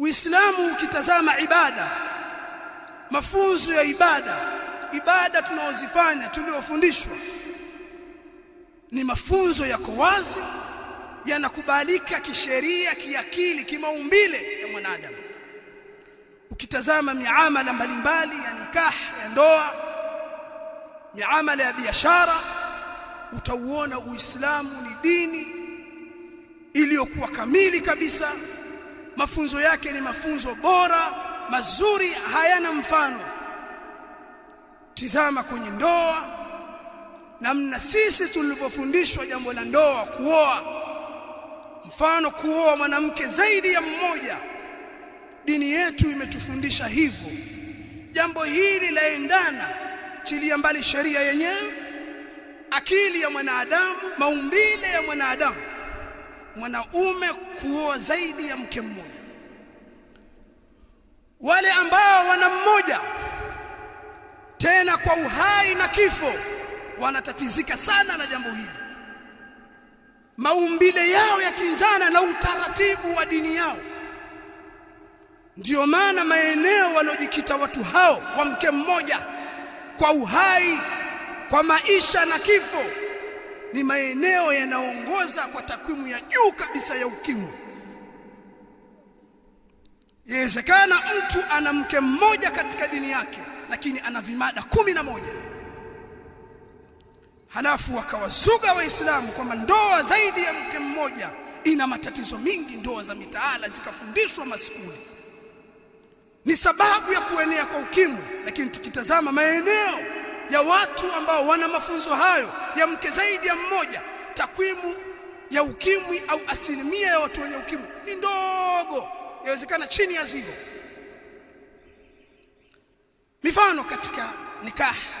Uislamu ukitazama ibada, mafunzo ya ibada, ibada tunaozifanya tuliofundishwa, ni mafunzo yako wazi, yanakubalika kisheria, kiakili, kimaumbile ya mwanadamu. Ukitazama miamala mbalimbali ya nikah, ya ndoa, miamala ya biashara, utauona Uislamu ni dini iliyokuwa kamili kabisa mafunzo yake ni mafunzo bora mazuri hayana mfano tizama kwenye ndoa namna sisi tulivyofundishwa jambo la ndoa kuoa mfano kuoa mwanamke zaidi ya mmoja dini yetu imetufundisha hivyo jambo hili laendana chilia mbali sheria yenyewe akili ya mwanadamu maumbile ya mwanadamu mwanaume kuoa zaidi ya mke mmoja. Wale ambao wana mmoja tena kwa uhai na kifo, wanatatizika sana na jambo hili. Maumbile yao yakinzana na utaratibu wa dini yao. Ndiyo maana maeneo waliojikita watu hao wa mke mmoja kwa uhai, kwa maisha na kifo ni maeneo yanaongoza kwa takwimu ya juu kabisa ya ukimwi. Yawezekana mtu ana mke mmoja katika dini yake, lakini ana vimada kumi na moja. Halafu wakawazuga Waislamu kwamba ndoa zaidi ya mke mmoja ina matatizo mingi. Ndoa za mitaala zikafundishwa maskuli, ni sababu ya kuenea kwa ukimwi. Lakini tukitazama maeneo ya watu ambao wana mafunzo hayo ya mke zaidi ya mmoja, takwimu ya ukimwi au asilimia ya watu wenye ukimwi ni ndogo, yawezekana chini ya zero. Mifano katika nikaha